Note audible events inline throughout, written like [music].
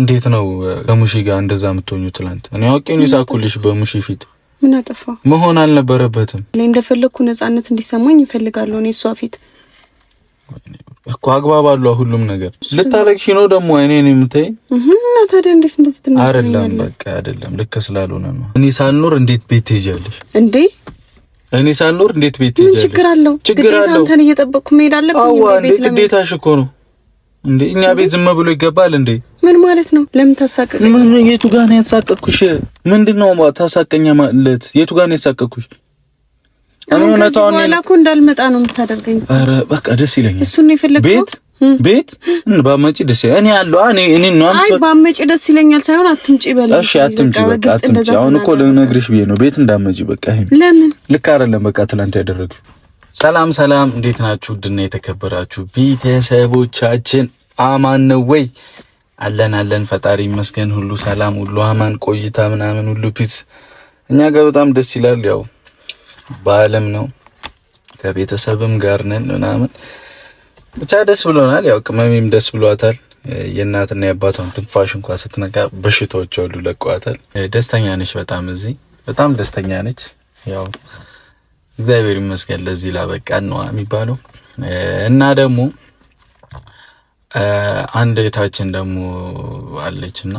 እንዴት ነው ከሙሺ ጋር እንደዛ የምትሆኙ? ትላንት እኔ አውቄ ነው የሳኩልሽ በሙሺ ፊት። ምን አጠፋ? መሆን አልነበረበትም። እኔ እንደፈለግኩ ነጻነት እንዲሰማኝ ይፈልጋለሁ። እኔ እሷ ፊት እኮ አግባብ አሉ ሁሉም ነገር። ልታለቅሽ ነው ደግሞ እኔ ነው የምታይ? እና ታዲያ እንዴት እንደዚህ ትናገር? አይደለም በቃ አይደለም፣ ልክ ስላልሆነ ነው። እኔ ሳልኖር እንዴት ቤት ትሄጃለሽ እንዴ? እኔ ሳልኖር እንዴት ቤት ትሄጃለሽ? ችግር አለው ችግር አለው። አንተን እየጠበቅኩ መሄድ አለብኝ። ግዴታሽ እኮ ነው እንዴ እኛ ቤት ዝም ብሎ ይገባል እንዴ? ምን ማለት ነው? ለምን ታሳቀቀኝ? ምን የቱ ጋር ነው ያሳቀቅኩሽ? ምንድነው ታሳቀኛ ማለት የቱ ጋር ነው ያሳቀቅኩሽ? እኔ እውነታውን እኮ እንዳልመጣ ነው የምታደርገኝ። አረ በቃ ደስ ይለኛል። እሱን ነው የፈለግከው? ቤት ቤት ባመጪ ደስ ይለኛል። እኔ አለሁ እኔ እኔ ነው አይ ባመጪ ደስ ይለኛል ሳይሆን አትምጪ በል። እሺ አትምጪ በቃ አትምጪ። አሁን እኮ ልነግርሽ ብዬ ነው ቤት እንዳመጪ በቃ። ይሄ ለምን ልክ አይደለም። በቃ ትናንት ያደረግሽው ሰላም ሰላም፣ እንዴት ናችሁ? ድና የተከበራችሁ ቤተሰቦቻችን አማን ነው ወይ? አለን አለን፣ ፈጣሪ ይመስገን፣ ሁሉ ሰላም፣ ሁሉ አማን፣ ቆይታ ምናምን ሁሉ ፒስ። እኛ ጋር በጣም ደስ ይላል። ያው በዓለም ነው ከቤተሰብም ጋር ነን ምናምን፣ ብቻ ደስ ብሎናል። ያው ቅመሜም ደስ ብሏታል። የእናትና የአባቷን ትንፋሽ እንኳ ስትነቃ በሽታዎች ሁሉ ለቋታል። ደስተኛ ነች በጣም እዚህ በጣም ደስተኛ ነች ያው እግዚአብሔር ይመስገን ለዚህ ላበቃን ነው የሚባለው። እና ደግሞ አንድ እህታችን ደግሞ አለች እና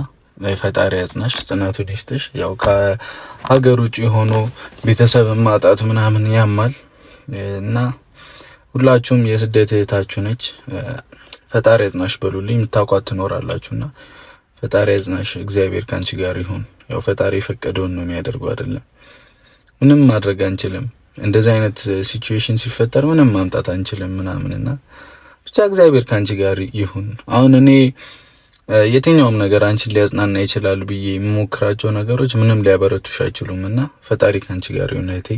ፈጣሪ ያጽናሽ፣ ጽናቱ ዲስትሽ። ያው ከሀገር ውጭ የሆኖ ቤተሰብ ማጣት ምናምን ያማል እና ሁላችሁም የስደት እህታችሁ ነች። ፈጣሪ ያጽናሽ በሉልኝ። የምታውቋት ትኖራላችሁና ፈጣሪ ያጽናሽ፣ እግዚአብሔር ከአንቺ ጋር ይሁን። ያው ፈጣሪ የፈቀደውን ነው የሚያደርገው አይደለም፣ ምንም ማድረግ አንችልም። እንደዚህ አይነት ሲቹዌሽን uh, ሲፈጠር ምንም ማምጣት አንችልም ምናምንና ብቻ እግዚአብሔር ከአንቺ ጋር ይሁን። አሁን እኔ uh, የትኛውም ነገር አንቺን ሊያጽናና ይችላል ብዬ የምሞክራቸው ነገሮች ምንም ሊያበረቱሽ አይችሉም እና ፈጣሪ ከአንቺ ጋር ይሁን። እህቴ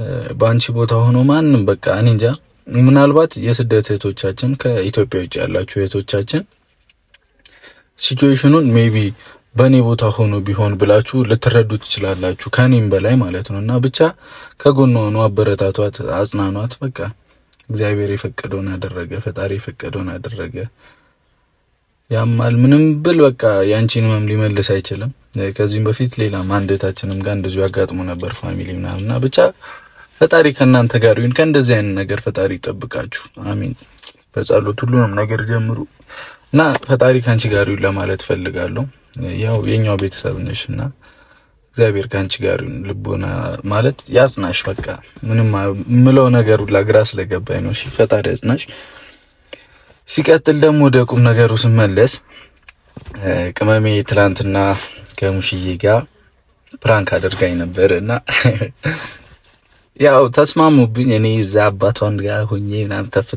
uh, በአንቺ ቦታ ሆኖ ማንም በቃ እኔ እንጃ ምናልባት የስደት እህቶቻችን ከኢትዮጵያ ውጭ ያላችሁ እህቶቻችን ሲቹዌሽኑን ሜቢ በእኔ ቦታ ሆኖ ቢሆን ብላችሁ ልትረዱ ትችላላችሁ፣ ከኔም በላይ ማለት ነው። እና ብቻ ከጎኗ ሆኖ አበረታቷት፣ አጽናኗት። በቃ እግዚአብሔር የፈቀደውን አደረገ፣ ፈጣሪ የፈቀደውን አደረገ። ያማል ምንም ብል በቃ ያንቺን ህመም ሊመልስ አይችልም። ከዚህም በፊት ሌላ ማንደታችንም ጋር እንደዚሁ ያጋጥሞ ነበር ፋሚሊ ምናምን እና ብቻ ፈጣሪ ከእናንተ ጋር ይሁን። ከእንደዚህ አይነት ነገር ፈጣሪ ይጠብቃችሁ። አሚን። በጸሎት ሁሉንም ነገር ጀምሩ እና ፈጣሪ ከአንቺ ጋር ይሁን ለማለት ፈልጋለሁ። ያው የኛው ቤተሰብ ነሽ እና እግዚአብሔር ከአንቺ ጋር ልቦና ማለት ያጽናሽ። በቃ ምንም ምለው ነገር ሁላ ግራ ስለገባኝ ነው። እሺ ፈጣሪ ያጽናሽ። ሲቀጥል ደግሞ ወደ ቁም ነገሩ ስመለስ ቅመሜ ትላንትና ከሙሽዬ ጋር ፕራንክ አድርጋኝ ነበር እና [laughs] ያው ተስማሙብኝ። እኔ እዛ አባቷን ጋር ሁኜ ምናምን ተፍ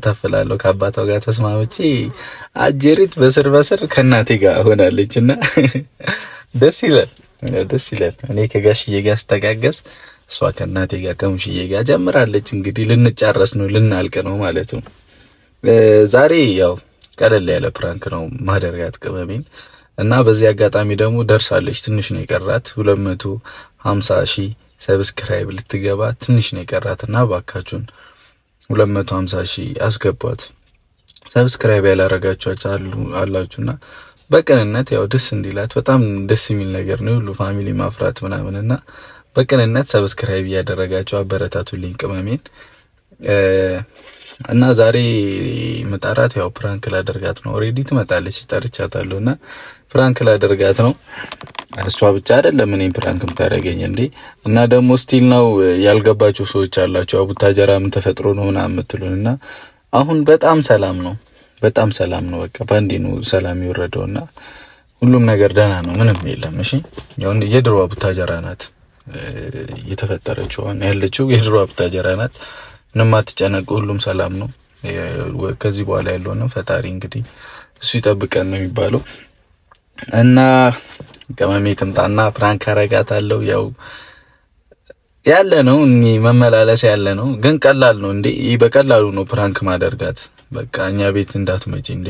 ከአባቷ ጋር ተስማምቼ አጀሪት በስር በስር ከእናቴ ጋር ሆናለች እና [laughs] ደስ ይላል፣ ደስ ይላል። እኔ ከጋሽዬ ጋር አስተጋገስ፣ እሷ ከእናቴ ጋር ከሙሽዬ ጋር ጀምራለች። እንግዲህ ልንጫረስ ነው፣ ልናልቅ ነው ማለት ነው። ዛሬ ያው ቀለል ያለ ፕራንክ ነው ማደርጋት ቅመሜን እና በዚህ አጋጣሚ ደግሞ ደርሳለች። ትንሽ ነው የቀራት ሁለት መቶ ሀምሳ ሺህ ሰብስክራይብ ልትገባ ትንሽ ነው የቀራትና ባካችሁን 250 ሺህ አስገቧት። ሰብስክራይብ ያላረጋችኋቸው አላችሁና በቅንነት ያው ደስ እንዲላት በጣም ደስ የሚል ነገር ነው ሁሉ ፋሚሊ ማፍራት ምናምንና በቅንነት ሰብስክራይብ እያደረጋቸው አበረታቱ ሊንቅ መሜን እና ዛሬ መጣራት ያው ፕራንክ ላደርጋት ነው። ኦልሬዲ ትመጣለች፣ ጠርቻታለሁ እና ፕራንክ ላደርጋት ነው። እሷ ብቻ አይደለም እኔ ፕራንክ የምታደርገኝ እንዴ። እና ደግሞ ስቲል ነው ያልገባችሁ ሰዎች አላችሁ፣ አቡታጀራ ምን ተፈጥሮ ነው ምናምን የምትሉን እና አሁን በጣም ሰላም ነው፣ በጣም ሰላም ነው። በቃ በአንዴ ነው ሰላም የወረደው እና ሁሉም ነገር ደህና ነው፣ ምንም የለም። እሺ ያው የድሮ አቡታጀራ ናት የተፈጠረችው፣ ያለችው የድሮ አቡታጀራ ናት። ምንም አትጨነቁ፣ ሁሉም ሰላም ነው። ከዚህ በኋላ ያለውንም ፈጣሪ እንግዲህ እሱ ይጠብቀን ነው የሚባለው እና ቅመሜ ትምጣና ፕራንክ አረጋታለሁ። ያው ያለ ነው መመላለስ ያለ ነው፣ ግን ቀላል ነው እንዴ! ይህ በቀላሉ ነው ፕራንክ ማደርጋት። በቃ እኛ ቤት እንዳትመጪ እንዴ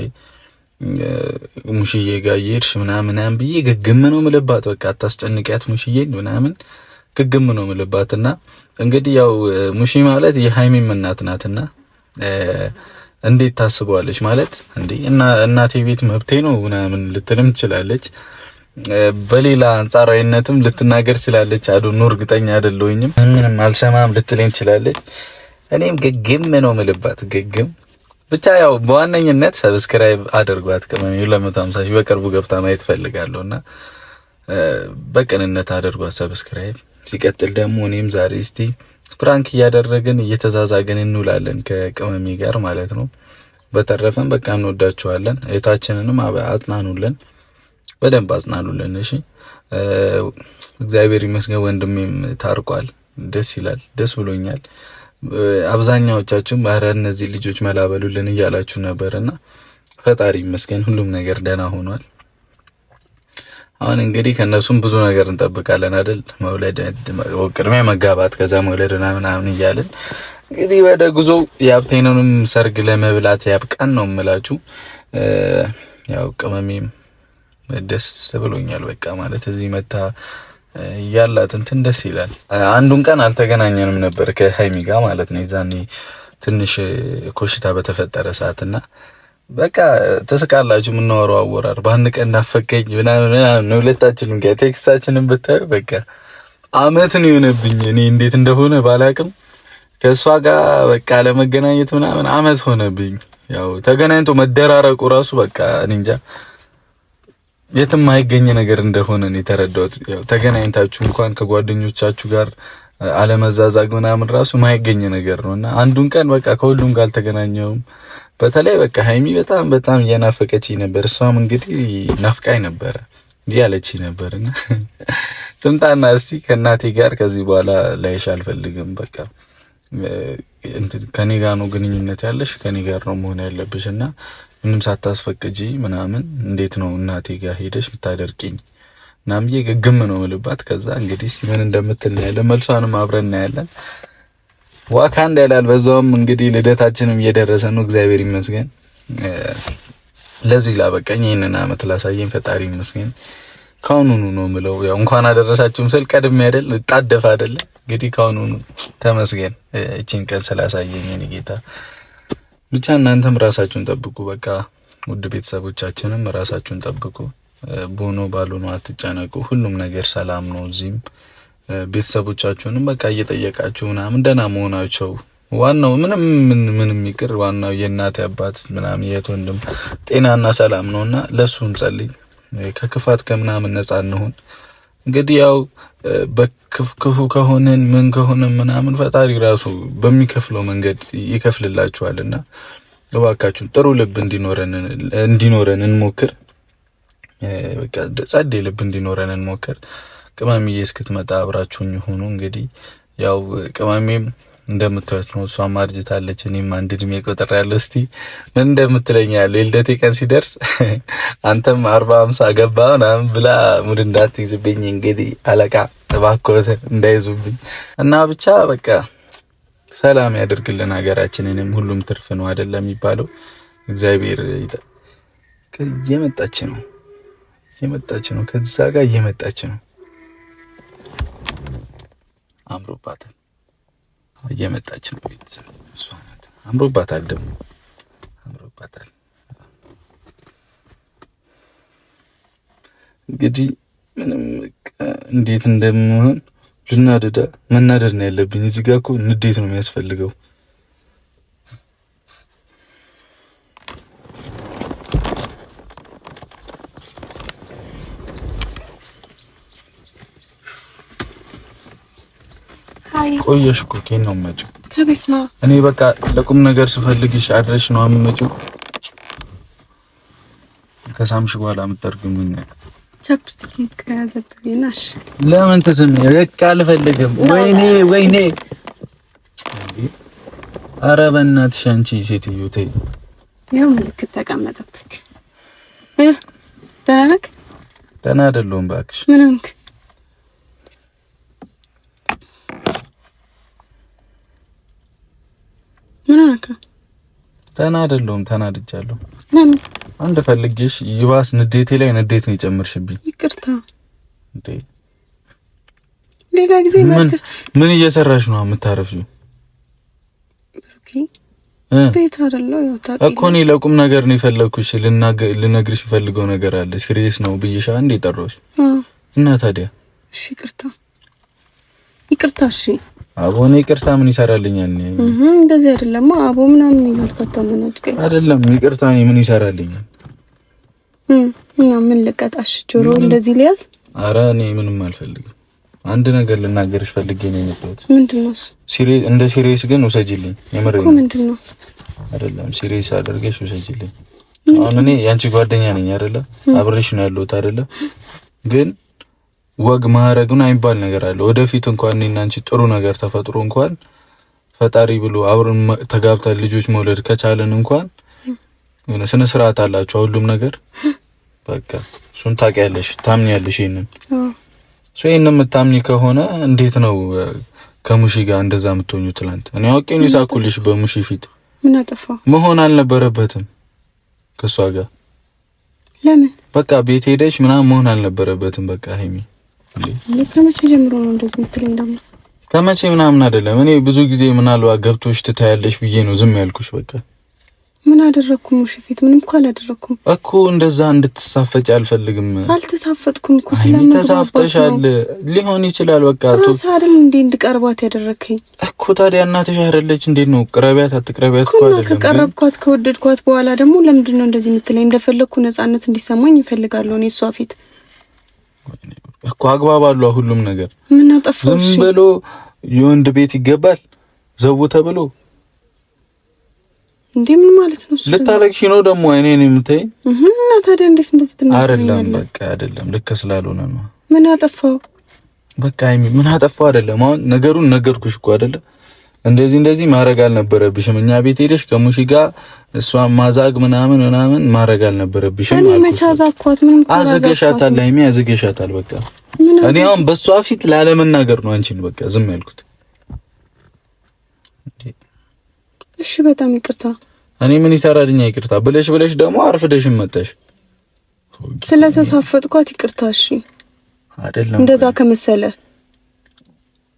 ሙሽዬ ጋር እየሄድሽ ምናምን ምናምን ብዬ ግግም ነው ምልባት። በቃ አታስጨንቂያት ሙሽዬን ምናምን ግግም ነው የምልባት እና እንግዲህ ያው ሙሺ ማለት የሃይሚም እናት ናትና እንዴት ታስበዋለች ማለት እንዴ እና እናቴ ቤት መብቴ ነው ምናምን ልትልም ትችላለች። በሌላ አንጻራዊነትም ልትናገር ትችላለች። ኑር እርግጠኛ አይደለሁኝም። ምንም አልሰማም ልትለኝ ትችላለች። እኔም ግግም ነው ምልባት ግግም ብቻ ያው በዋነኝነት ሰብስክራይብ አድርጓት። ቅመም ለመቶ ሃምሳ ሺህ በቅርቡ ገብታ ማየት ፈልጋለሁና በቅንነት አድርጓት ሰብስክራይብ ሲቀጥል ደግሞ እኔም ዛሬ እስቲ ፕራንክ እያደረግን እየተዛዛግን እንውላለን ከቅመሜ ጋር ማለት ነው። በተረፈን በቃ እንወዳችኋለን። እህታችንንም አጽናኑልን፣ በደንብ አጽናኑልን። እሺ እግዚአብሔር ይመስገን ወንድሜም ታርቋል። ደስ ይላል፣ ደስ ብሎኛል። አብዛኛዎቻችሁም ኧረ እነዚህ ልጆች መላበሉልን እያላችሁ ነበር እና ፈጣሪ ይመስገን ሁሉም ነገር ደህና ሆኗል። አሁን እንግዲህ ከእነሱም ብዙ ነገር እንጠብቃለን አይደል? መውለድ፣ ቅድሚያ መጋባት፣ ከዛ መውለድ ምናምን እያለን እንግዲህ ወደ ጉዞ የሀብቴንንም ሰርግ ለመብላት ያብቃን ነው የምላችሁ። ያው ቅመሜም ደስ ብሎኛል። በቃ ማለት እዚህ መታ ያላት እንትን ደስ ይላል። አንዱን ቀን አልተገናኘንም ነበር ከሀይሚ ጋር ማለት ነው። የዛኔ ትንሽ ኮሽታ በተፈጠረ ሰዓት እና በቃ ተስቃላችሁ የምናወራው አወራር በአንድ ቀን እናፈቀኝ ምናምን ምናምን ሁለታችንም ጋር ቴክስታችንን ብታዩ በቃ አመት ነው የሆነብኝ። እኔ እንዴት እንደሆነ ባላቅም ከእሷ ጋር በቃ ለመገናኘት ምናምን አመት ሆነብኝ። ያው ተገናኝቶ መደራረቁ ራሱ በቃ እኔ እንጃ የትም አይገኝ ነገር እንደሆነ እኔ ተረዳሁት። ያው ተገናኝታችሁ እንኳን ከጓደኞቻችሁ ጋር አለመዛዛግ ምናምን ራሱ ማይገኝ ነገር ነው እና አንዱን ቀን በቃ ከሁሉም ጋር አልተገናኘውም በተለይ በቃ ሀይሚ በጣም በጣም እየናፈቀች ነበር። እሷም እንግዲህ ናፍቃኝ ነበረ እያለች ነበር እና ትምጣና እስቲ ከእናቴ ጋር ከዚህ በኋላ ላይሽ አልፈልግም፣ በቃ ከኔ ጋር ነው ግንኙነት ያለሽ ከኔ ጋር ነው መሆን ያለብሽ እና ምንም ሳታስፈቅጂ ምናምን እንዴት ነው እናቴ ጋር ሄደሽ የምታደርቂኝ ምናምን ግግም ነው ልባት። ከዛ እንግዲህ ምን እንደምትል እናያለን፣ መልሷንም አብረን እናያለን። ዋካንዳ ይላል። በዛውም እንግዲህ ልደታችንም እየደረሰ ነው። እግዚአብሔር ይመስገን ለዚህ ላበቀኝ ይህንን አመት ላሳየኝ ፈጣሪ ይመስገን። ከአሁኑኑ ነው ምለው። ያው እንኳን አደረሳችሁም ስል ቀድሜ አይደል ልጣደፍ አይደለ እንግዲህ ከአሁኑኑ ተመስገን እቺን ቀን ስላሳየኝ እኔ ጌታ። ብቻ እናንተም ራሳችሁን ጠብቁ። በቃ ውድ ቤተሰቦቻችንም ራሳችሁን ጠብቁ። ቡኖ ነው አትጨነቁ። ሁሉም ነገር ሰላም ነው እዚህም ቤተሰቦቻቸውንም በቃ እየጠየቃችሁ ምናምን ደህና መሆናቸው ዋናው ምንም ምንም ይቅር ዋናው የእናት አባት ምናምን የት ወንድም ጤናና ሰላም እና ለሱን እንጸልይ። ከክፋት ከምናምን ነፃ እንሆን። እንግዲህ ያው በክፉ ከሆንን ምን ከሆንን ምናምን ፈጣሪ ራሱ በሚከፍለው መንገድ ይከፍልላችኋልና እባካችሁ ጥሩ ልብ እንዲኖረን እንዲኖረን እንሞክር። በቃ ጸዴ ልብ እንዲኖረን እንሞክር። ቅመምዬ እስክትመጣ አብራችሁኝ ሆኑ። እንግዲህ ያው ቅመሜም እንደምታዩት ነው። እሷም አርጅታለች፣ እኔም አንድ እድሜ ቆጠር ያለው። እስቲ ምን እንደምትለኝ ያለ የልደቴ ቀን ሲደርስ [laughs] አንተም አርባ አምሳ ገባ ምናምን ብላ ሙድ እንዳትይዝብኝ እንግዲህ አለቃ እባክዎት እንዳይዙብኝ እና ብቻ በቃ ሰላም ያደርግልን ሀገራችንንም። ሁሉም ትርፍ ነው አይደለም የሚባለው። እግዚአብሔር እየመጣች ነው እየመጣች ነው ከዛ ጋር እየመጣች ነው። አምሮባታል። እየመጣች ነው ቤተሰብ እሷ ናት። አምሮባታል ደግሞ አምሮባታል። እንግዲህ ምንም እንዴት እንደምሆን ልናደዳ መናደድ ነው ያለብኝ። እዚህ ጋር እኮ ንዴት ነው የሚያስፈልገው። ቆየሽ እኮ ከየት ነው የምመጪው? ከቤት ነው። እኔ በቃ ለቁም ነገር ስፈልግሽ አድረሽ ነው የምመጪው። ከሳምሽ በኋላ የምጠርግም ለምን በቃ አልፈልግም። ወይኔ ወይኔ፣ ኧረ በእናትሽ አንቺ ሴትዮ ተይ። ያው ምልክት ተቀመጠብክ። ደህና ነህ? ደህና አይደለሁም እባክሽ። ምን ሆንክ? ተና ተናደለውም ተናድጃለሁ። ለምን አንድ ፈልጌሽ ይባስ ንዴቴ ላይ ንዴት ነው የጨመርሽብኝ። ይቅርታ። እንዴ ሌላ ጊዜ ምን ምን እየሰራሽ ነው የምታረፊው? ቤት አይደለው ያው ታውቂ እኮ እኔ ለቁም ነገር ነው የፈለግኩሽ። ልነግርሽ የፈልገው ነገር አለ። ሲሪየስ ነው ብዬሽ አንዴ ጠራሁሽ እና ታዲያ እሺ፣ ይቅርታ ይቅርታ፣ እሺ አቦኔ ይቅርታ ምን ይሰራልኛል? እንደዚህ አይደለም አቦ ምናምን ይላል። ከተመናጭቀኝ አይደለም ይቅርታ ምን ይሰራልኛል? እና ምን ልቀጣሽ? ጆሮ እንደዚህ ሊያዝ። አረ እኔ ምንም አልፈልግም። አንድ ነገር ልናገርሽ ፈልጌ ነው የመጣሁት። ምንድነው? ሲሪ እንደ ሲሪየስ ግን ውሰጂልኝ። የምር ነው። ምንድነው? አይደለም ሲሪየስ አድርገሽ ውሰጂልኝ። አሁን እኔ ያንቺ ጓደኛ ነኝ አይደለ? አብሬሽ ነው ያለሁት አይደለ? ግን ወግ ማዕረግ አይባል ነገር አለ። ወደፊት እንኳን እኔና አንቺ ጥሩ ነገር ተፈጥሮ እንኳን ፈጣሪ ብሎ አብረን ተጋብተን ልጆች መውለድ ከቻለን እንኳን የሆነ ስነ ስርዓት አላቸው ሁሉም ነገር በቃ እሱን ታውቂያለሽ፣ ታምኛለሽ። ይሄንን ሶ ይሄንን የምታምኝ ከሆነ እንዴት ነው ከሙሺ ጋር እንደዛ የምትሆኙ? ትላንት እኔ አውቄ ነው የሳኩልሽ በሙሺ ፊት። ምን አጠፋ? መሆን አልነበረበትም ከሷ ጋር ለምን በቃ ቤት ሄደሽ ምናምን መሆን አልነበረበትም። በቃ ሀይሚ ከመቼ ጀምሮ ነው እንደዚህ የምትለኝ? ደግሞ ከመቼ ምናምን አይደለም። እኔ ብዙ ጊዜ ምናልባት ገብቶሽ ትታያለሽ ብዬ ነው ዝም ያልኩሽ። በቃ ምን አደረግኩም? ሽፊት ምንም እኮ አላደረግኩም እኮ። እንደዛ እንድትሳፈጭ አልፈልግም። አልተሳፈጥኩም እኮ። ስለምን ተሳፍተሻል? ሊሆን ይችላል። በቃ አቶ አይደል እንዴ እንድቀርባት ያደረከኝ እኮ። ታዲያ እናትሽ አይደለች? እንዴት ነው ቅረቢያት አትቅረቢያት እኮ አይደለም። ከቀረብኳት ከወደድኳት በኋላ ደግሞ ለምንድን ነው እንደዚህ የምትለኝ? እንደፈለግኩ ነፃነት እንዲሰማኝ ይፈልጋለሁ እኔ እሷ ፊት እኮ አግባብ አሉ ሁሉም ነገር። ዝም ብሎ የወንድ ቤት ይገባል ዘው ተብሎ እንዴ? ምን ማለት ነው? ልታለቅሽ ነው ደግሞ እኔ ነኝ የምታይ? እና ታዲያ እንዴት እንደዚህ ትናገር? አይደለም በቃ አይደለም፣ ልክ ስላልሆነ ነው። ምን አጠፋው? በቃ አይሚ ምን አጠፋው? አይደለም አሁን ነገሩን ነገርኩሽ እኮ አይደለም እንደዚህ እንደዚህ ማድረግ አልነበረብሽም። እኛ ቤት ሄደሽ ከሙሺ ጋር እሷ ማዛግ ምናምን ምናምን ማድረግ አልነበረብሽም። እኔ መቻዛኳት ምንም አዝገሻታል፣ ሀይሚ አዝገሻታል። በቃ እኔ አሁን በእሷ ፊት ላለመናገር ነው አንቺን በቃ ዝም ያልኩት። እሺ በጣም ይቅርታ። እኔ ምን ይሰራልኛ ይቅርታ ብለሽ ብለሽ ደግሞ አርፍደሽም መጣሽ። ስለተሳፈጥኳት ይቅርታ። እሺ አይደለም እንደዛ ከመሰለ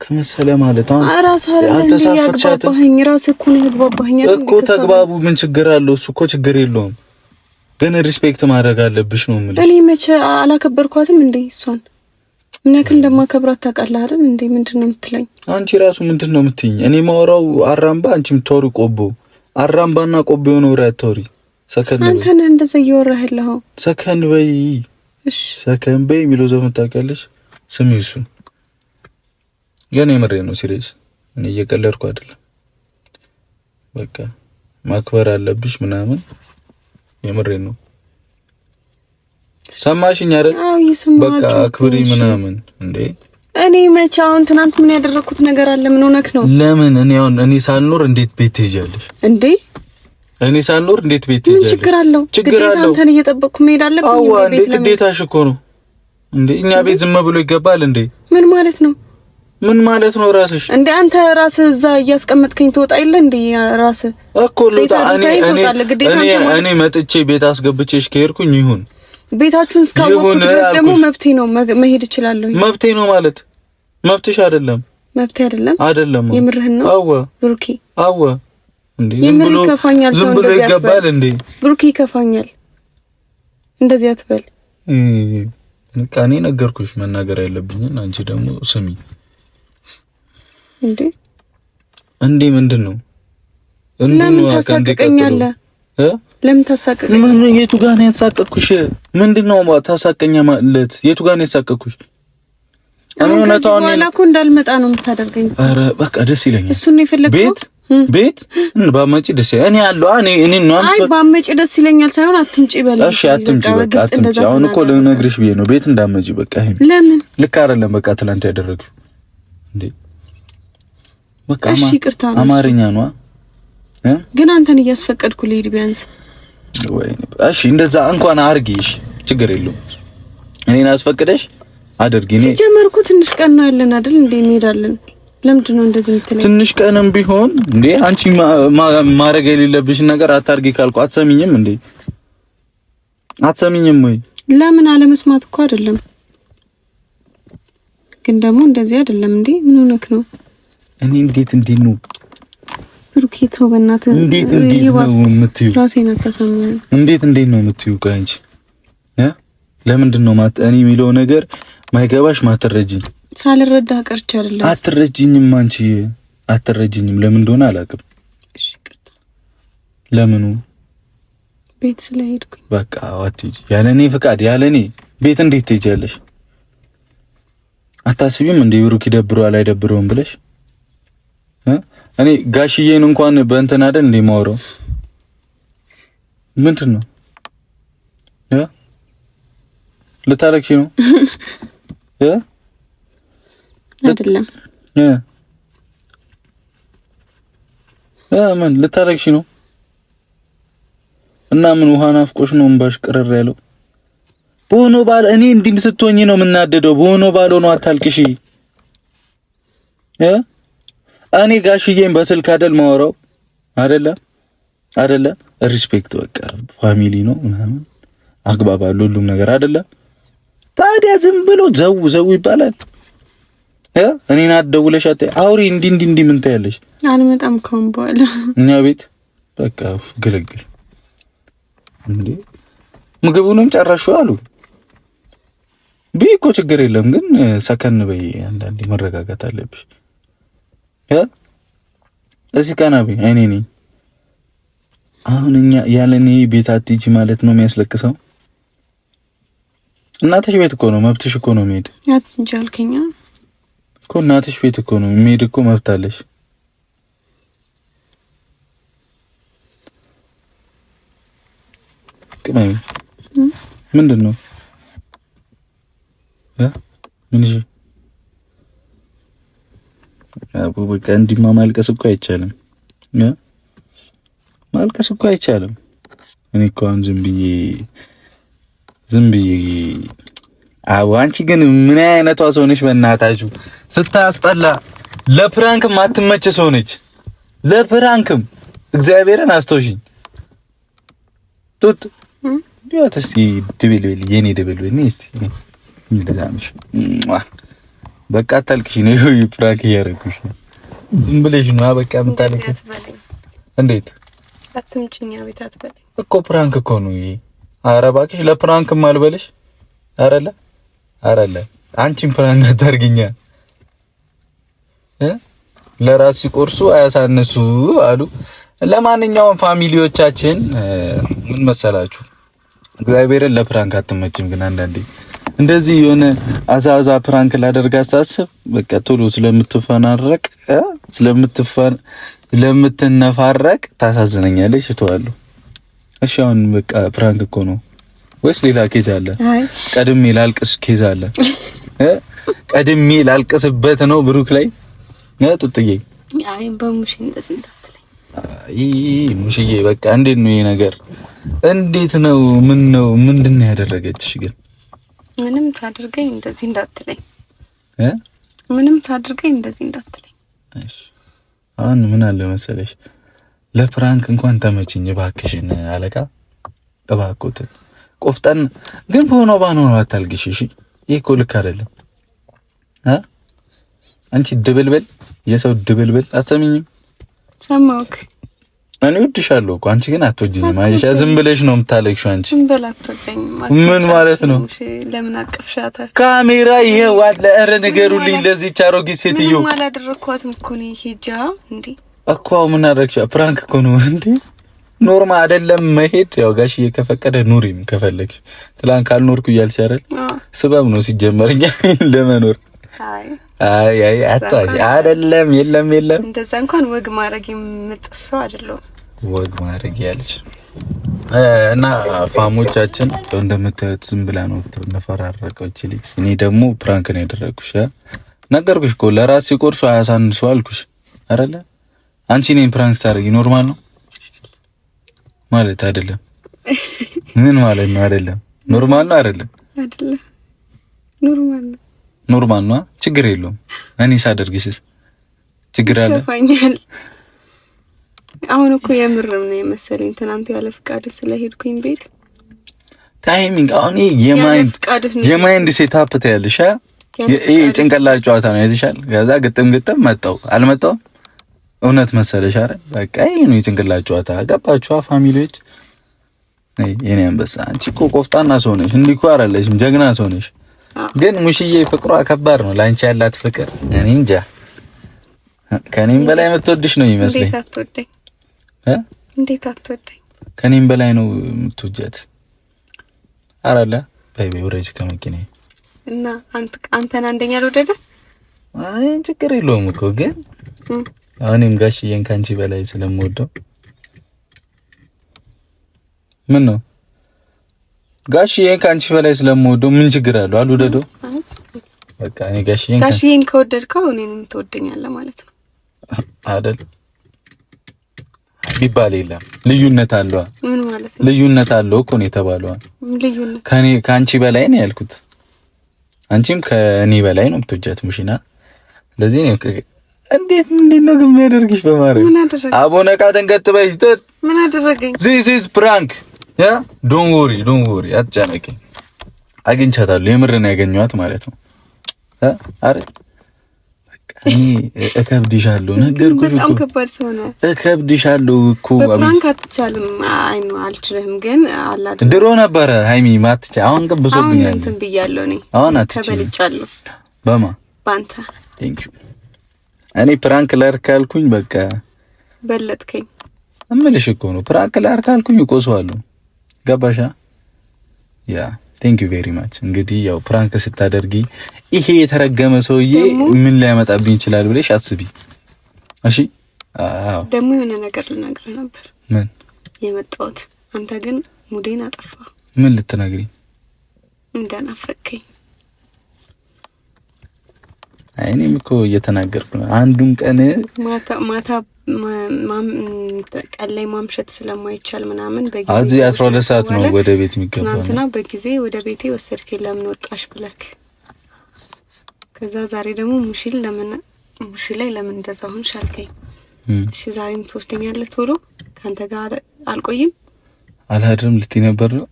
ከመሰለ ማለት አሁን ራስህ ያግባባኝ ራስህ እኮ ነው ያግባባኝ እኮ ተግባቡ። ምን ችግር አለው? እሱ እኮ ችግር የለውም፣ ግን ሪስፔክት ማድረግ አለብሽ ነው የምልሽ። እኔ መቼ አላከበርኳትም እንዴ? እሷን ምን ያክል እንደማከብራት ታውቃለህ አይደል? እንዴ ምንድን ነው የምትለኝ አንቺ? ራሱ ምንድን ነው የምትይኝ? እኔ ማወራው አራምባ፣ አንቺ የምታወሪ ቆቦ። አራምባና ቆቦ የሆነ ወሬ አታወሪ። ሰከን አንተ ነህ እንደዛ እያወራህ ያለኸው። ሰከን በይ እሺ፣ ሰከን በይ የሚለው ዘፈን ታውቂያለሽ? ስሚ እሱን ግን የምሬ ነው። ሲሪየስ እኔ እየቀለድኩ አይደለም። በቃ ማክበር አለብሽ ምናምን የምሬ ነው። ሰማሽኝ አይደል? በቃ አክብሪ ምናምን እንዴ እኔ መቼ አሁን ትናንት ምን ያደረኩት ነገር አለ? ምን ሆነክ ነው? ለምን እኔ አሁን እኔ ሳልኖር እንዴት ቤት ትሄጃለሽ እንዴ? እኔ ሳልኖር እንዴት ቤት ትሄጃለሽ? ችግር አለው? ችግር አለው። አንተን እየጠበቅኩ መሄድ አለብኝ። ቤት ለምን ግዴታሽ እኮ ነው እንዴ? እኛ ቤት ዝም ብሎ ይገባል እንዴ? ምን ማለት ነው? ምን ማለት ነው ራስሽ? እንደ አንተ ራስህ እዛ እያስቀመጥከኝ ትወጣ የለ እንደ ራስ እኮ ልውጣ። እኔ እኔ እኔ መጥቼ ቤት አስገብቼሽ ከሄድኩኝ ይሁን። ቤታችሁን እስካወቅኩ ድረስ ደግሞ መብቴ ነው መሄድ እችላለሁ። መብቴ ነው ማለት መብትሽ አይደለም። መብቴ አይደለም አይደለም። የምርህን ነው? አዎ ብሩኬ፣ አዎ። እንዴ ዝም ብሎ ይከፋኛል። ዝም ብሎ ይገባል እንዴ ብሩኬ፣ ይከፋኛል። እንደዚህ አትበል። በቃ እኔ ነገርኩሽ መናገር ያለብኝን አንቺ ደግሞ ስሚ። እንዴ እንዴ ምንድን ነው? ለምን ታሳቅቀኛለህ? ለምን ታሳቅቀኛለህ? ምን የቱ ጋር ነው ያሳቀቅኩሽ? ምንድን ነው ታሳቀኛ ማለት የቱ ጋር ነው ያሳቀቅኩሽ? እውነታውን እኮ እንዳልመጣ ነው የምታደርገኝ። ኧረ በቃ ደስ ይለኛል። እሱን ነው የፈለግከው ቤት ቤት ባመጪ ደስ ይለኛል። እኔ አለሁ እኔ እኔ ነው አይ ባመጪ ደስ ይለኛል ሳይሆን አትምጪ በለ እሺ አትምጪ በቃ አትምጪ። አሁን እኮ ልነግርሽ ብዬ ነው ቤት እንዳመጪ በቃ። ይሄ ለምን ልክ አይደለም። በቃ ትናንት ያደረግሽው እንዴ በቃ እሺ፣ ይቅርታ አማርኛ ነው ግን አንተን እያስፈቀድኩ ልሂድ ቢያንስ። እሺ፣ እንደዛ እንኳን አርጊ። ችግር የለውም። እኔን አስፈቅደሽ አድርጊ። እኔ ጀመርኩ። ትንሽ ቀን ነው ያለን አይደል? እንዴ እንሄዳለን። ለምንድን ነው እንደዚህ የምትለኝ? ትንሽ ቀንም ቢሆን እንዴ አንቺ ማድረግ የሌለብሽን ነገር አታርጊ ካልኩ አትሰሚኝም እንዴ? አትሰሚኝም ወይ? ለምን አለመስማት እኮ አይደለም፣ ግን ደግሞ እንደዚህ አይደለም እንዴ። ምን ሆነክ ነው? እኔ እንዴት እንዴት ነው ብሩኬ ተው በእናትህ። እንዴት እንዴት ነው የምትዩ? ራሴን አታሳምነኝ። እንዴት እንዴት ነው የምትዩ? ቆይ አንቺ እ ለምንድን ነው ማት እኔ የሚለው ነገር ማይገባሽ ማትረጂኝ? ሳልረዳ ቀርቼ አይደለም። አትረጂኝም፣ አንቺ አትረጂኝም። ለምን እንደሆነ አላውቅም። እሺ ቅርታ። ለምኑ ቤት ስለሄድኩኝ በቃ አትሄጂ። ያለ እኔ ፍቃድ ያለ እኔ ቤት እንዴት ትሄጃለሽ? አታስቢም እንደ ብሩክ ይደብረዋል አይደብረውም ብለሽ እኔ ጋሽዬን እንኳን በእንትን አይደል እንደ የማወራው ምንድን ነው ልታረግሽ ነው አይደለም? ምን ልታረግሽ ነው? እና ምን ውሃ ናፍቆሽ ነው እምባሽ ቅርር ያለው? በሆነ ባል እኔ እንዲህ ስትሆኝ ነው የምናደደው። በሆነ ባል ሆኖ አታልቅሽ እ እኔ ጋሽዬን በስልክ አይደል ማወራው? አይደለ አይደለ? ሪስፔክት በቃ ፋሚሊ ነው ምናምን አግባባሉ ሁሉም ነገር አይደለ? ታዲያ ዝም ብሎ ዘው ዘው ይባላል። እኔን አትደውለሽ አት አውሪ እንዲ እንዲ እንዲ ምን ታያለሽ? አልመጣም ከሆነ በኋላ እኛ ቤት በቃ ግልግል። እንዴ ምግቡንም ጨረሹ አሉ ብይ እኮ ችግር የለም ግን ሰከን በይ። አንዳንዴ መረጋጋት አለብሽ። እዚህ ቀና በይ። እኔ ነኝ አሁን እኛ ያለ እኔ ቤት አትሂጂ ማለት ነው የሚያስለቅሰው። እናትሽ ቤት እኮ ነው መብትሽ እኮ ነው መሄድ አትሂጂ እኮ እናትሽ ቤት እኮ ነው መሄድ እኮ መብት አለሽ። ምንድን ነው ምን በቃ እንዲማ ማልቀስ እኮ አይቻልም። ማልቀስ እኮ አይቻልም። እኔ እኮ አሁን ዝም ብዬ ዝም ብዬ አንቺ ግን ምን አይነቷ ሰው ነሽ? በእናታችሁ ስታስጠላ። ለፕራንክም አትመች ሰው ነች። ለፕራንክም እግዚአብሔርን አስተውሽኝ። ጡት ያ ተስቲ የኔ ብል ነስቲ ድብል ብል ነስቲ በቃ አታልቅሽ ነው ፕራንክ እያደረኩሽ ነው። ዝም ብለሽ ነው በቃ የምታልቅሽ። እንዴት አትምጭኛ ቤት አትበለኝ እኮ ፕራንክ እኮ ነው ይሄ። ኧረ እባክሽ ለፕራንክ ማልበልሽ። አረለ አረለ አንቺን ፕራንክ አታርግኛ። ለራስ ሲቆርሱ አያሳንሱ አሉ። ለማንኛውም ፋሚሊዎቻችን ምን መሰላችሁ፣ እግዚአብሔርን ለፕራንክ አትመችም ግን አንዳንዴ እንደዚህ የሆነ አዛዛ ፕራንክ ላደርግ አሳስብ በቃ ቶሎ ስለምትፈናረቅ ስለምትነፋረቅ ታሳዝነኛለች። እተዋለሁ። እሺ አሁን በቃ ፕራንክ እኮ ነው ወይስ ሌላ ኬዝ አለ? ቀድሜ ላልቅስ ኬዝ አለ? ቀድሜ ላልቅስበት ነው ብሩክ ላይ ጡጥዬ። አይ አይ ሙሽዬ በቃ እንዴት ነው ይሄ ነገር? እንዴት ነው? ምን ነው? ምንድን ነው ያደረገችሽ ግን ምንም ታድርገኝ እንደዚህ እንዳትለኝ እ ምንም ታድርገኝ እንደዚህ እንዳትለኝ። እሺ አሁን ምን አለ መሰለሽ ለፕራንክ እንኳን ተመችኝ እባክሽን፣ አለቃ እባክዎትን። ቆፍጠን ግን ባኖ ነው አታልግሽ። እሺ ይሄ እኮ ልክ አይደለም። አ አንቺ ድብልብል የሰው ድብልብል አትሰሚኝም? ሰማሁህ እኔ እወድሻለሁ እኮ አንቺ ግን አትወጂኝም። አይሽ ዝም ብለሽ ነው የምታለቅሽው። አንቺ ምን ማለት ነው? ለምን አቀፍሻታ? ካሜራ ይሄ ዋት ለእረ ንገሩልኝ፣ ለዚህች አሮጊት ሴትዮ አላደረኳትም እኮ ነው ሂጃ። እንዴ እኮ ምን አደረግሻ? ፍራንክ እኮ ነው እንዴ ኖርማ አይደለም መሄድ። ያው ጋሽ እየከፈቀደ ኑሪም ከፈለግሽ ትላንት ካልኖርኩ እያልሽ አይደል? ስበብ ነው ሲጀመርኛ ለመኖር አይ አይ አይ አይደለም የለም የለም፣ እንደዛ እንኳን ወግ ማድረግ የምጥስ አይደለሁም ወግ ማድረግ ያለች እና ፋሞቻችን እንደምታዩት ዝም ብላ ነው ነፈራረቀው እቺ ልጅ። እኔ ደግሞ ፕራንክ ነው ያደረግኩሽ። ነገርኩሽ እኮ ለራሴ ቆርሶ አያሳንሱ አልኩሽ አይደለ? አንቺ እኔን ፕራንክ ታደርጊ ኖርማል ነው ማለት አይደለም። ምን ማለት ነው? አይደለም ኖርማል ነው አይደለም? አይደለም ኖርማል ነው። ኖርማል ነው፣ ችግር የለውም። እኔ ሳደርግሽ ችግር አለ? አሁን እኮ የምርም ነው የመሰለኝ። ትናንት ያለ ፍቃድ ስለሄድኩኝ ቤት ታይሚንግ አሁን የማይንድ የማይንድ ሴታፕ ታያለሽ። ይሄ ጭንቅላት ጨዋታ ነው ያዝሻል። ከዛ ግጥም ግጥም መጣው አልመጣው እውነት መሰለሽ። አረ በቃ ይሄ ነው የጭንቅላት ጨዋታ። ገባችኋ ፋሚሊዎች? የኔ አንበሳ አንቺ እኮ ቆፍጣና ሰው ነሽ፣ እንዲህ እኮ አይደለሽም፣ ጀግና ሰው ነሽ። ግን ሙሽዬ ፍቅሯ ከባድ ነው። ለአንቺ ያላት ፍቅር እኔ እንጃ ከኔም በላይ የምትወድሽ ነው ይመስለኝ። እንዴት አትወደኝ? ከኔም በላይ ነው የምትወጃት። አራለ በይ በይ፣ ወረጅ ከመኪና እና አንተ አንተን አንደኛ ልወደደ። አይ ችግር የለውም እኮ ግን እኔም ጋሽዬን ከአንቺ በላይ ስለምወደው ምን ነው ጋሽዬን ከአንቺ በላይ ስለምወደው ምን ችግር አለው? አልወደደው በቃ እኔ ጋሽዬን ጋሽዬን ከወደድከው እኔንም ትወደኛለህ ማለት ነው አይደል? ቢባል የለም። ልዩነት አለዋ ልዩነት አለው እኮ ነው የተባለው። ከኔ ከአንቺ በላይ ነው ያልኩት። አንቺም ከኔ በላይ ነው የምትወጃት ሙሽና። ስለዚህ ነው እንዴት ምንድን ነው ግን የሚያደርግሽ? በማርያም አቦነ ዕቃ ደንገጥ በይ። ምን አደረገኝ? ዚስ ኢዝ ፕራንክ ያ ዶን ወሪ ዶን ወሪ አትጨነቂ። አግኝቻታለሁ። የምር ነው ያገኘኋት ማለት ነው። አረ እኔ እከብድሻለሁ፣ ነገርኩሽ። በጣም ከባድ ሰው ነው። እከብድሻለሁ እኮ በፕራንክ አትቻልም። አይ ነው ግን ድሮ ነበረ ሀይሚ ማትች። አሁን ግን ብሶብኛል። አሁን እንትን ብያለሁ እኔ አሁን ተበልጫለሁ። በማ ቴንክ ዩ። እኔ ፕራንክ ላድርግ ካልኩኝ በቃ በለጥከኝ። እምልሽ እኮ ነው ፕራንክ ላድርግ ካልኩኝ እቆሰዋለሁ። ገባሻ ያ ቴንክ ዩ ቬሪ ማች። እንግዲህ ያው ፕራንክ ስታደርጊ ይሄ የተረገመ ሰውዬ ምን ሊያመጣብኝ ይችላል ብለሽ አስቢ። እሺ ደግሞ የሆነ ነገር ልነግር ነበር ምን የመጣሁት አንተ ግን ሙዴን አጠፋ። ምን ልትነግሪ? እንደናፈቅከኝ። እኔም እኮ እየተናገርኩ ነው። አንዱን ቀን ማታ ማታ ቀን ላይ ማምሸት ስለማይቻል ምናምን በጊዜ አስራ ሁለት ሰዓት ነው ወደ ቤት የሚገባ። ትናንትና በጊዜ ወደ ቤቴ ወሰድክ ለምን ወጣሽ ብለክ፣ ከዛ ዛሬ ደግሞ ሙሽል ለምን ሙሽ ላይ ለምን እንደዛ ሆንሽ ሻልከኝ? እሺ ዛሬም ትወስደኛለህ ቶሎ ከአንተ ጋር አልቆይም አልሀድርም ልትይ ነበር ነው።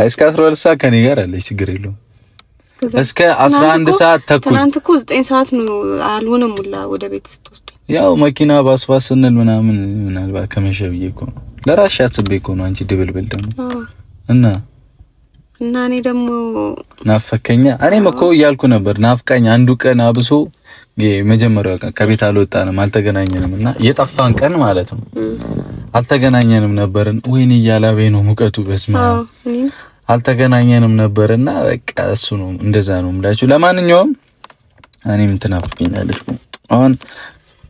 አይ እስከ አስራ ሁለት ሰዓት ከኔ ጋር አለች ችግር የለውም። እስከ 11 ሰዓት ተኩል። ትናንት እኮ 9 ሰዓት ነው አልሆነም ሁላ ወደ ቤት ስትወስዱ ያው መኪና ባስባስ ስንል ምናምን ምናልባት ከመሸ ብዬ እኮ ነው ለራሽ አስቤ እኮ ነው። አንቺ ድብልብል ደግሞ እና እና እኔ ደግሞ ናፈከኛ። እኔም እኮ እያልኩ ነበር ናፍቃኝ። አንዱ ቀን አብሶ የመጀመሪያው ቀን ከቤት አልወጣንም አልተገናኘንም፣ እና የጠፋን ቀን ማለት ነው አልተገናኘንም ነበርን። ወይኔ እያላበኝ ነው ሙቀቱ በስማ እኔ አልተገናኘንም ነበር እና በቃ እሱ ነው እንደዛ ነው የምላችሁ። ለማንኛውም እኔም ትናፍቀኛለች። አሁን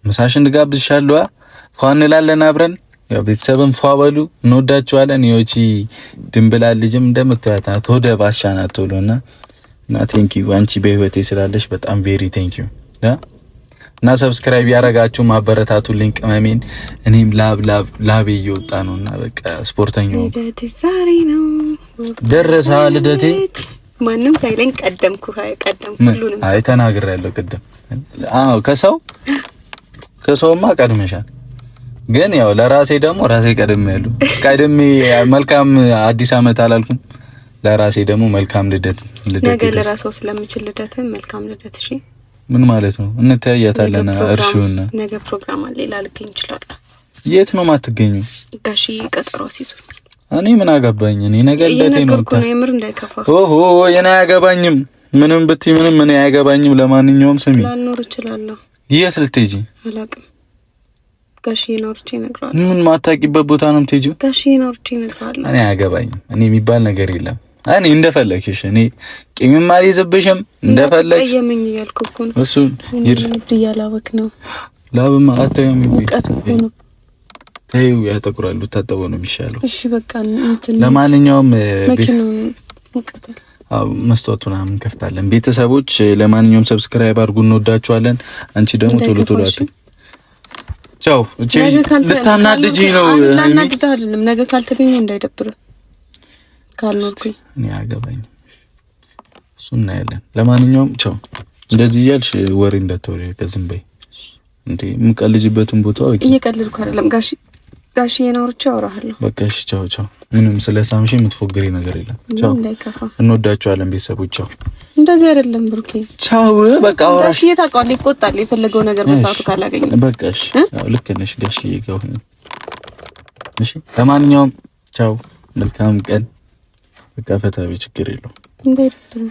ምሳሽን ልጋብዝሻለሁ። ፏ እንላለን አብረን። ያው ቤተሰብን ፏ በሉ፣ እንወዳችኋለን። የውጪ ድንብላል ልጅም እንደምትያት ናት፣ ወደ ባሻ ናት ቶሎ እና እና ቴንክ ዩ አንቺ በህይወቴ ስላለሽ በጣም ቬሪ ቴንክ ዩ እና ሰብስክራይብ ያደረጋችሁ ማበረታቱ ሊንክ መሜን እኔም ላብ ላብ ላብ እየወጣ ነው እና በቃ ስፖርተኛ ነው ደረሰ ልደቴ ማንም ሳይለኝ ቀደምኩ ቀደምኩ ሁሉንም አይ ያለው ቅድም አዎ ከሰው ከሰውማ ቀድመሻል ግን ያው ለራሴ ደግሞ ራሴ ቀድሜ ያለው ቀድሜ መልካም አዲስ አመት አላልኩም ለራሴ ደግሞ መልካም ልደት ልደት ነገ ለራስዎ ስለምችል ልደት መልካም ልደት እሺ ምን ማለት ነው እንተያያታለን እርሺውና ነገ ፕሮግራም አለ ላልገኝ ይችላል የት ነው ማትገኙ? ጋሺ ቀጠሮ ሲሱኝ እኔ ምን አገባኝ? እኔ ነገ ለቴ ነው ኦሆ፣ የኔ አያገባኝም። ምንም ብትይ ምንም እኔ አያገባኝም። ለማንኛውም ስሚ፣ ላኖር እችላለሁ። የት ልትሄጂ? አላውቅም። ጋሽዬ ኖርቼ እነግረዋለሁ። ምን ማታውቂበት ቦታ ነው የምትሄጂው? ጋሽዬ ኖርቼ እነግረዋለሁ። እኔ አያገባኝም። እኔ የሚባል ነገር የለም። እኔ እንደፈለግሽ እኔ ቂምም አልይዝብሽም። እንደፈለግሽ ቀየመኝ እያልኩ እኮ ነው። እሱን ይድ እያላወክ ነው ላብማ አታየም ይቀጥኩ ነው ተይው፣ ያጠቁራል። ልታጠበው ነው የሚሻለው። እሺ በቃ ለማንኛውም መስታወት ምናምን እንከፍታለን። ቤተሰቦች ለማንኛውም ሰብስክራይብ አድርጉ፣ እንወዳችኋለን። አንቺ ደግሞ ቶሎ ቶሎ አት ቻው። እቺ ልታናድጂ ነው። ልናናድድ አይደለም። ነገ ካልተገኘ እንዳይደብር ካልኖርኩኝ እኔ አገባኝ። እሱ እናያለን። ለማንኛውም ቻው። እንደዚህ እያልሽ ወሬ እንዳትወሪ። ከዝም በይ እንዴ የምቀልጅበትን ቦታ እየቀልልኩ አይደለም ጋሽ ጋሽዬን አውርቼ አወራለሁ። በቃ እሺ፣ ቻው ቻው። ምንም ስለ ሳምሽ የምትፎግሪ ነገር የለም። ቻው፣ እንወዳቸዋለን ቤተሰቦች። ቻው። እንደዚህ አይደለም ብሩኬ፣ ቻው። በቃ አወራሽ። ጋሽዬ ታውቃለህ፣ ይቆጣል የፈለገው ነገር በሰዓቱ ካላገኘ። በቃ እሺ፣ ልክ ነሽ ጋሽዬ ጋር። እሺ፣ ለማንኛውም ቻው፣ መልካም ቀን። በቃ ፈታ ቤት ችግር የለውም።